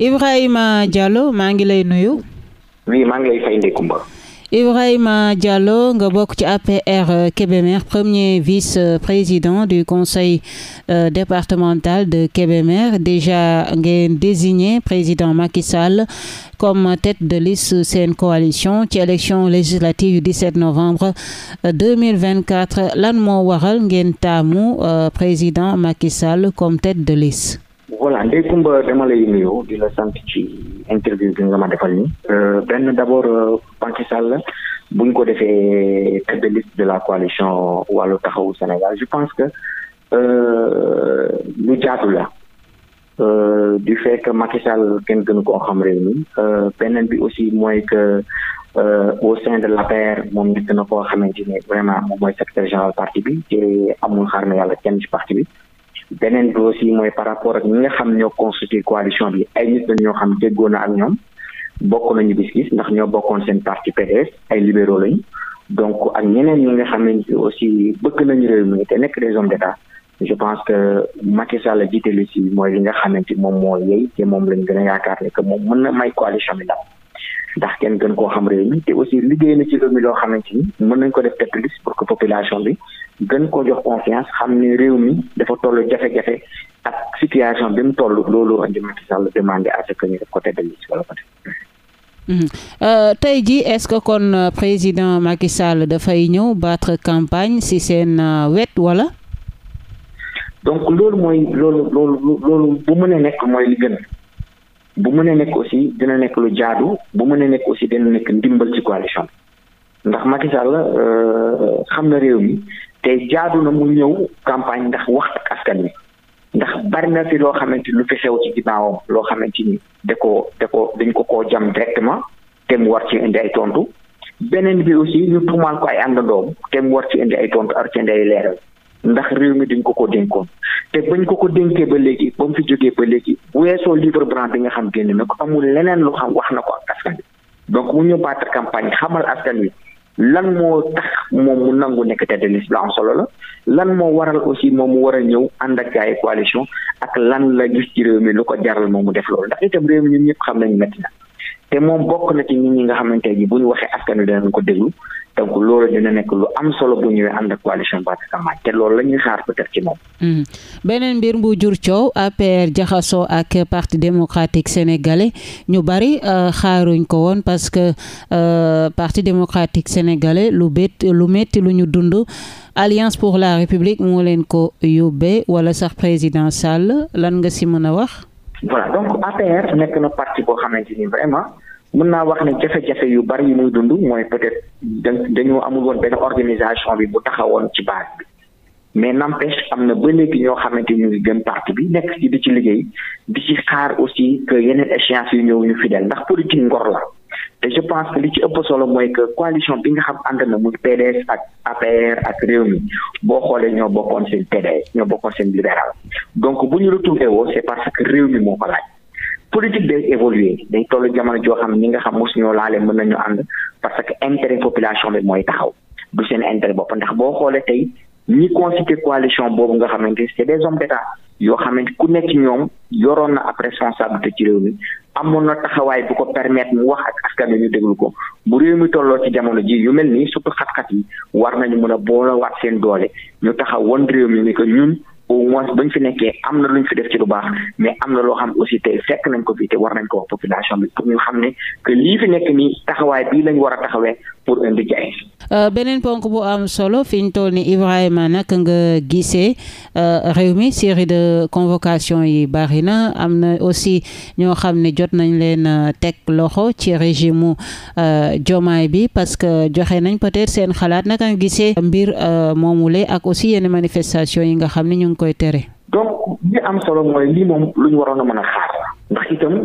Ibrahima Diallo maa ngi lay nuyu. oui maa ngi lay Diallo nga bokk ci APR euh, Kébémer premier vice-président du conseil euh, départemental de Kébémer déjà ngeen désigné président Macky Sall comme tête de liste seen coalition ci élection législative yu 17 novembre 2024 euh, lan moo waral ngeen taamu euh, président Macky Sall comme tête de liste. voilà Ndeye Comba dama lay nuyu di la sant ci interview bi nga ma defal nii. Euh, benn d' abord euh, Macky Sall bu ñu ko defee tête de de la coalition wàllu taxawu Sénégal je pense que euh, lu jaadu la du fait que Macky Sall kenn gënu koo xam réew mi beneen bi aussi mooy que au sein de l'APR moom nekk na koo xamante ne vraiment moom mooy secrétaire général parti bi te amul xaar na yàlla kenn ci parti bi. beneen bi aussi mooy par rapport ak ñi nga xam ñoo constitué coalition bi ay nit lañ ñoo xam déggoo na ak ñoom bokk nañu gis-gis ndax ñoo bokkoon seen parti PDS ay libéraux lañu donc ak ñeneen ñi nga xamante aussi bëgg nañu réew mi te nekk des hommes d'État je pense que Macky Sall jiite lu ci mooy li nga xamante moom moo yey te moom lañ gën a yaakaar ne que moom mën na may coalition bi daal ndax kenn gën koo xam réew mi te aussi liggéey na ci réew mi loo xamante ni mën nañ ko def tête liste population bi gën ko jox confiance xam ne réew mi dafa tollu jafe-jafe ak situation bi mu toll loolu andi Macky Sall demandé à ce que ñu def côté de liste wala mhm. euh, tey jii est-ce que kon euh, président Macky Sall dafay ñëw battre campagne ci seen euh, wet wala. donc loolu mooy loolu loolu loolu bu mënee nekk mooy li gën bu mënee nekk aussi dina nekk lu jaadu bu mënee nekk aussi dina nekk ndimbal ci coalition ndax Macky Sall xam na réew mi. te jaadu na mu ñëw campagne ndax wax ak askan wi ndax bari na fi loo xamante lu fi xew ci ginnaawam loo xamante ni de ko de ko dañ ko koo jam directement te war ci indi ay tontu beneen bi aussi ñu tuumaal ko ay àndandoom te war ci indi ay tontu ar ci ay leeral ndax réew mi dañ ko ko dénkoon te bañ ko ko dénkee ba léegi ba mu fi jógee ba léegi weesoo livre blanc bi nga xam génn na ko amul leneen lu xam wax na ko ak askan wi donc mu ñu battre campagne xamal askan wi lan moo tax moom mu nangu nekk tête de liste bi am solo la lan moo waral aussi moom mu waral ñëw ànd ak ay coalition ak lan la gis ci réew mi lu ko jaral moom mu def loolu ndax itam réew mi ñun ñëpp xam nañu métti na te moom bokk na ci nit ñi nga xamante ji bu ñu waxee askan wi ko déglu donc loolu dina nekk lu am solo bu ñëwee ànd ak coalition Badji Camara te loolu la ñuy xaar peut-être ci moom. Hmm. beneen mbir bu jur coow APR jaxasoo ak parti démocratique sénégalais ñu bari euh, xaaruñ ko woon parce que euh, parti démocratique sénégalais lu bét lu metti lu ñu dund alliance pour la république moo leen ko yóbbee wala sax président Sall lan nga si mën a wax. voilà donc APR nekk na partie boo xamante ni vraiment mën naa wax ne jafe-jafe yu bari yu ñuy dund mooy peut-être dañoo amul woon benn organisation bi bu taxawoon ci base bi mais n'empêche am na ba léegi ñoo xamante ñu ngi gën parti bi nekk ci di ci liggéey di ci xaar aussi que yeneen échéance yu ñëw ñu fidèle ndax politique ngor la te je pense que li ci ëpp solo mooy que coalition bi nga xam ànd na muy PDS ak affaire ak réew mi boo xoolee ñoo bokkoon seen PDS ñoo bokkoon seen libéral donc bu ñu retourné woo c'est parce que réew mi moo ko laaj politique day évoluer day toll jamono joo xam ni nga xam mosuñoo laale mën nañu ànd parce que intérêt population bi mooy taxaw du seen intérêt bopp ndax boo xoolee tey ñi constitué coalition boobu nga xamante ni c'est des hommes d'état yoo xamante ku nekk ñoom yoroon na ab responsabilité ci réew mi amoon na taxawaay bu ko permettre mu wax ak askan wi ñu déglu ko bu réew mi tolloo ci jamono ji yu mel nii surtout xat-xat yi war nañu mën a boolewaat seen doole ñu taxaw woon réew mi ni que ñun au moins bañ fi nekkee am na luñ fi def ci lu baax mais am na loo xam aussi tey fekk nañ ko bi te war nañ ko wax population bi pour ñu xam ne que lii fi nekk nii taxawaay bii lañ war a taxawee pour euh, beneen ponk bu am solo fi ñu toll nii Ibrahima naka nga gisee euh, réew mi série de convocation yi bari na am na aussi ñoo xam ne jot nañ leen euh, teg loxo ci régime mu Diomaye bi parce que joxe nañ peut seen xalaat naka nga gisee mbir moomule ak aussi yenn manifestation yi nga xam ne ñu ngi koy tere. donc li am solo mooy lii moom lu ñu mën a xaar ndax itam.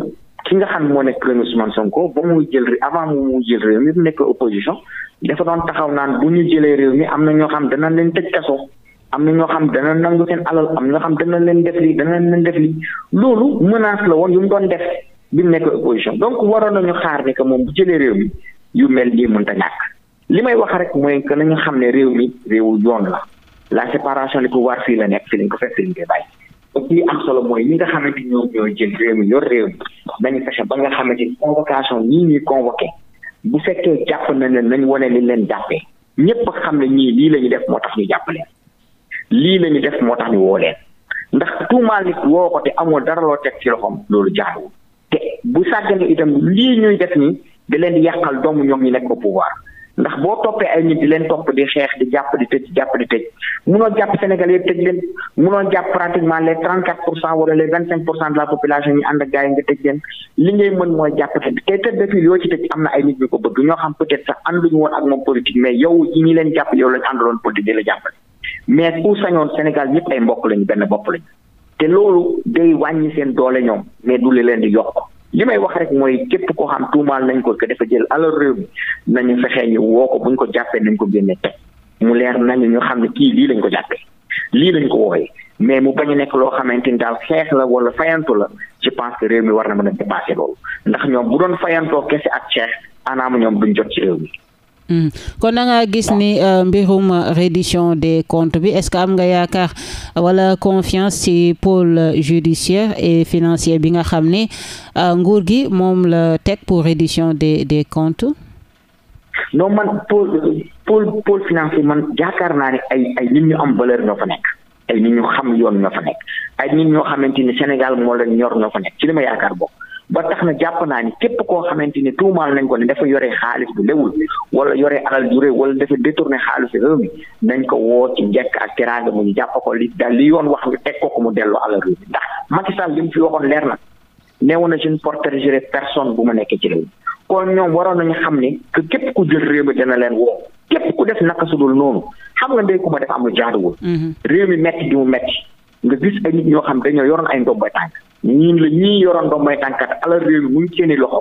ki nga xam moo nekk premier Ousmane Sonko ba muy jël avant mu jël réew mi bu nekk opposition dafa doon taxaw naan bu ñu jëlee réew mi am na ñoo xam danañ leen tëj kaso am na ñoo xam dana nangu seen alal am na ñoo xam dana leen def lii dana leen def lii loolu menace la woon yu mu doon def bi mu nekk opposition donc waroon nañu xaar ne que moom bu jëlee réew mi yu mel nii mënta ñàkk li may wax rek mooy que nañu xam ne réew mi réewu yoon la la séparation des pouvoirs fii la nekk fii lañ ko fekk fii lañ koy li am solo mooy ñi nga xamante ñoom ñoo jël réew mi yor réew mi nañu fexe ba nga xamante convocation ñii ñuy convoqué bu fekkee jàpp na ne nañ wane li leen jàppee ñëpp xam ne ñii lii la def moo tax ñu jàpp leen lii la def moo tax ñu woo leen ndax tuumaal nit woo ko te amoo dara loo teg ci loxoom loolu jaaduwul te bu sàggane itam lii ñuy def nii da leen di yàqal doomu ñoom ñi nekk ko pouvoir ndax boo toppee ay nit di leen topp di xeex di jàpp di tëj di jàpp di tëj munoo jàpp Sénégal yëpp tëj leen munoo jàpp pratiquement les trente quatre pour cent wala les vingt cinq pour cent de la population ñu ànd ak gars yi nga tëj leen li ngay mën mooy jàpp tëj tëj depuis yoo ci tëj am na ay nit ñu ko bëgg ñoo xam peut être sax ànduñu woon ak moom politique mais yow yi ñi leen jàpp yow lañu àndaloon politique di la jàppale mais ku sañoon Sénégal yëpp ay mbokk loolu day seen doole ñoom mais du leen di yokk li may wax rek mooy képp koo xam tuumaal nañ ko que dafa jël alal réew mi nañu fexee ñu woo ko buñ ko jàppee nañ ko génne teg mu leer nañu ñu xam ne kii lii lañ ko jàppee lii lañ ko wooyee mais mu bañ nekk loo xamante ni daal xeex la wala fayantu la je pense que réew mi war na mën a dépassé loolu ndax ñoom bu doon fayantoo kese at xeex anaamu ñoom buñ jot ci réew mi. Hmm. kon nanga gis ni euh, mbirum reddition des comptes bi est-ce que am nga yaakaar wala confiance ci pôle judiciaire et financier bi nga xam ne euh, nguur gi moom la teg pour reddition des des comptes. non man pôle pôle pôle financier man yaakaar naa ni ay ay nit ñu am valeur ñoo fa xam yoon ñoo fa nekk. ay ñoo xamante ni Sénégal moo ñor ñoo fa nekk ci li ma yaakaar bokk. ba tax na jàpp naa ni képp koo xamante ni tuumaal nañ ko ne dafa yore xaalis bu lewul wala yore alal ju réy wala dafa détourné xaalis réew mi nañ ko woo ci njekk ak teraanga mu ñu jàpp ko li daal li yoon wax ñu teg ko ko mu delloo alal réew mi ndax Macky Sall li mu fi waxoon leer na neewoon na je ne protégerai personne bu ma nekkee ci réew mi ñoom waroon ñu xam ni képp ku jël réew mi dana leen woo képp ku def naka sudul dul noonu xam nga ndey ku ma def am lu jaaduwul mm-hmm. réew mi metti di mu metti nga gis ay ñoo xam dañoo yoroon ay ndomba tànk ñiin la ñii yorandoo mooy tànkat alal réew mi mu ngi seeni loxo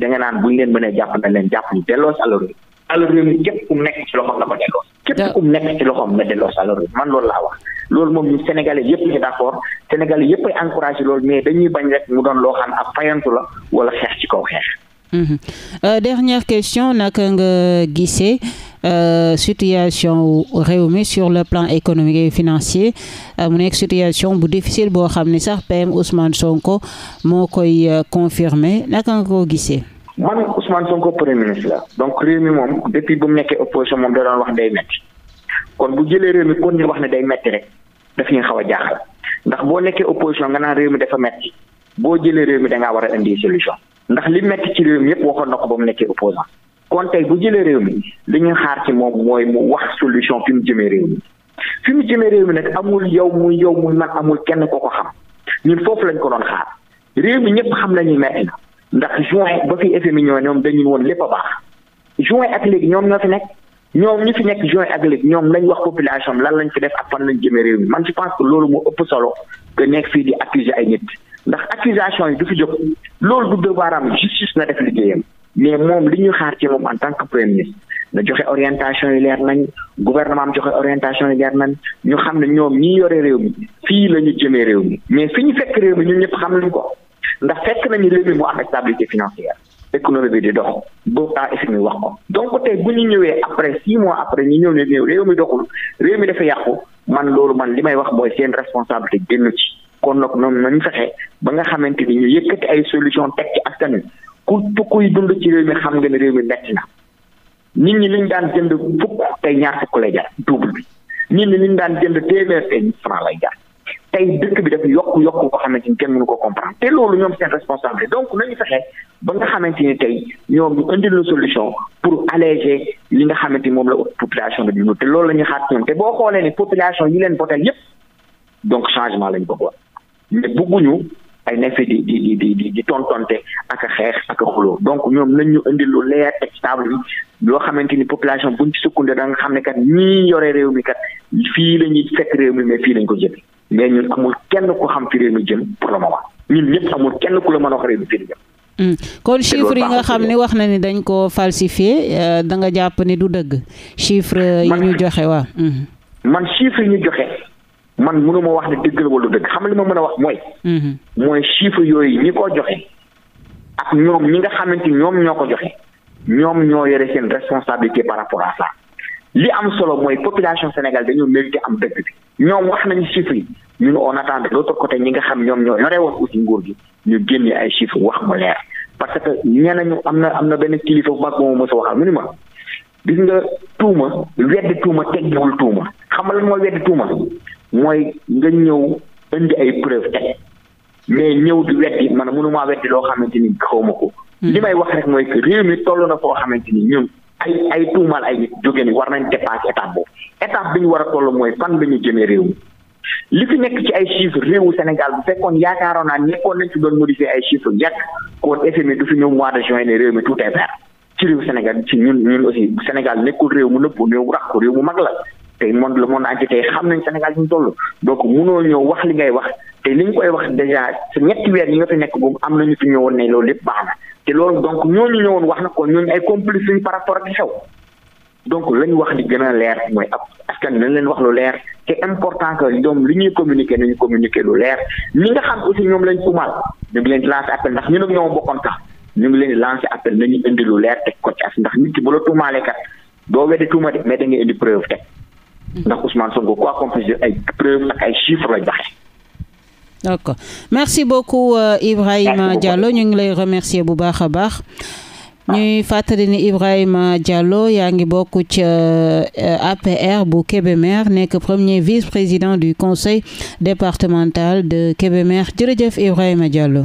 da nga naan buñ leen mënee jàpp na leen jàpp ñu delloosi alal réew alal réew mi képp ku nekk ci loxoom na ko delloo képp ku nekk man loolu laa wax loolu moom ñu sénégalais yëpp ñu d'accord sénégalais yëpp ay loolu mais dañuy bañ rek mu doon loo xam ab fayantu la wala xeex ci kaw xeex Mhm. Euh, dernière question naka nga gisee euh, situation réew mi sur le plan économique et financier euh, mu nekk situation bu difficile boo xam ne sax PM Ousmane Sonko moo koy confirmer naka nga ko gisee. man Ousmane Sonko premier ministre la donc réew mi moom depuis bu mu nekkee opposition moom da doon wax day metti kon bu jëlee réew mi kon ñu wax ne day metti rek daf ñuy xaw a jaaxal ndax boo nekkee opposition nga naan réew mi dafa metti boo jëlee réew mi da ngaa war a indi solution. ndax li metti ci réew mi yëpp waxoon na ko ba mu nekkee opposant kon tey bu jëlee réew mi li ñu xaar ci moom mooy mu wax solution fi mu jëmee réew mi fi mu jëmee réew mi nag amul yow mu yow muy man amul kenn ko ko xam ñun foofu lañ ko doon xaar réew mi ñëpp xam nañu metti na ndax juin ba fi FMI ñoom dañuy woon lépp a baax juin ak léegi ñoom ñoo fi nekk ñoom ñu fi nekk juin ak léegi ñoom lañ wax population lan lañ fi def ak fan lañ jëmee réew mi man je pense que loolu moo ëpp solo nekk fii di accuser ay nit. ndax accusation yi du fi jóg loolu du devoir am justice na def liggéeyam mais moom li ñu xaar ci moom en tant que premier na joxe orientation yi leer nañ gouvernement am joxe orientation yi leer nañ ñu xam ne ñoom ñi yore réew mi fii la ñu jëmee réew mi mais fi ñu fekk réew mi ñun ñëpp xam nañ ko ndax fekk nañu réew mi mu am stabilité financière économie bi di dox boobu taa FMI wax ko donc tey bu ñu ñëwee après six mois après ñu ñëw ne réew mi doxul réew mi dafa yàqu man loolu man li may wax mooy seen responsabilité génn kon nag ñoom nañ fexe ba nga xamante ni ñu yëkkati ay solution teg ci askan wi ku kuy dund ci réew mi xam nga ne réew mi nekk na nit ñi liñ daan jënd fukk tey ñaar fukk lay jar double bi nit ñi liñ daan jënd téeméer tey mille franc tey dëkk bi dafa yokk yokk boo xamante ni kenn mënu ko comprendre te loolu ñoom seen responsable donc nañu fexe ba nga xamante ni tey ñoom ñu indil la solution pour alléger li nga xamante ni moom la population bi dund te loolu la ñuy xaat te boo xoolee ne population yi leen voté yépp donc changement lañu bëgg mais bugguñu ay neefee di di di di di tontonte ak a xeex ak a xuloo donc ñoom nañ ñu indi lu leer teg table yi loo xamante ni population buñ ci sukkandee da nga xam ne kat ñii yore réew mi kat fii la ñuy fekk réew mi mais fii lañ ko jëlee mais ñun amul kenn ko xam fi réew mi jëm pour le ñun amul kenn ku la mën a wax réew mi fii la hmm. nga xam ne wax na ni dañ ko falsifié euh, da nga jàpp ni du dëgg. chiffre hmm. yi ñu joxe waaw. man chiffre yi ñu joxe. man mënuma wax ne dëgg la wala dëgg xam li ma mën a wax mooy. Mhm. mooy chiffre yooyu ñi ko joxe. ak ñoom ñi nga xamante ñoom ñoo ko joxe. ñoom ñoo yore seen responsabilité par rapport à ça. li am solo mooy population Sénégal dañoo mérité am dëgg bi ñoom wax nañu chiffres yi ñun on attend de l'autre côté ñi nga xam ñoom ñoo yore woon aussi nguur gi ñu génne ay chiffres wax mu leer parce que ñee nañu am na am na benn kilifa bu mag bu ma mës a waxal mu ni ma gis nga tuuma weddi tuuma teggiwul tuuma xamal nga lan mooy weddi tuuma mooy nga ñëw indi ay preuve teg mais ñëw di weddi man mënumaa weddi loo xamante ni ko. Hmm. li may wax rek mooy que réew mi toll na foo xamante ni ñun ay ay tuumaal ay nit jóge ni war nañ dépasser étape boobu étape bi ñu war a toll mooy fan la ñu jëmee réew mi. li ki nekk ci ay chiffres réewu Sénégal bu fekkoon yaakaaroon naa nekkoon nañ ci doon modifier ay chiffres njëkk kon FMI du fi ñëw mois de join ne réew mi tout est vert ci réewu Sénégal ci ñun ñun aussi Sénégal nekkul réew mu nëbbu réew mu rax mu mag la tey monde le monde entier tey xam nañ Sénégal ñu toll donc munoo ñëw wax li ngay wax te li nga koy wax dèjà sa ñetti weer ñi nga fi nekk boobu am nañu fi ñëwoon ne loolu lépp baax na te loolu donc ñooñu ñëwoon wax na ko ñooñu ay complice lañu par rapport ak xew donc lañu wax di gën a leer mooy ab askan nañ leen wax lu leer te important que ñoom li ñuy communiquer nañu communiquer lu leer li nga xam aussi ñoom lañ tuumaal ñu ngi leen di lancer ndax ñun ak ñoom bokkoon sax ñu ngi leen di lancer appel nañu lu leer ko ci as ndax nit ki la tuumaalee kat doo weddi tuuma da ngay indi preuve teg Mm. ndax Ousmane merci beaucoup euh, Ibrahima Diallo ñu ngi lay remercier bu baax a baax. ñuy ah. fàttali ni Ibrahima Diallo yaa ngi bokk ci euh, APR bu Kébémer nekk premier vice-président du conseil départemental de Kébémer jërëjëf Ibrahima Diallo.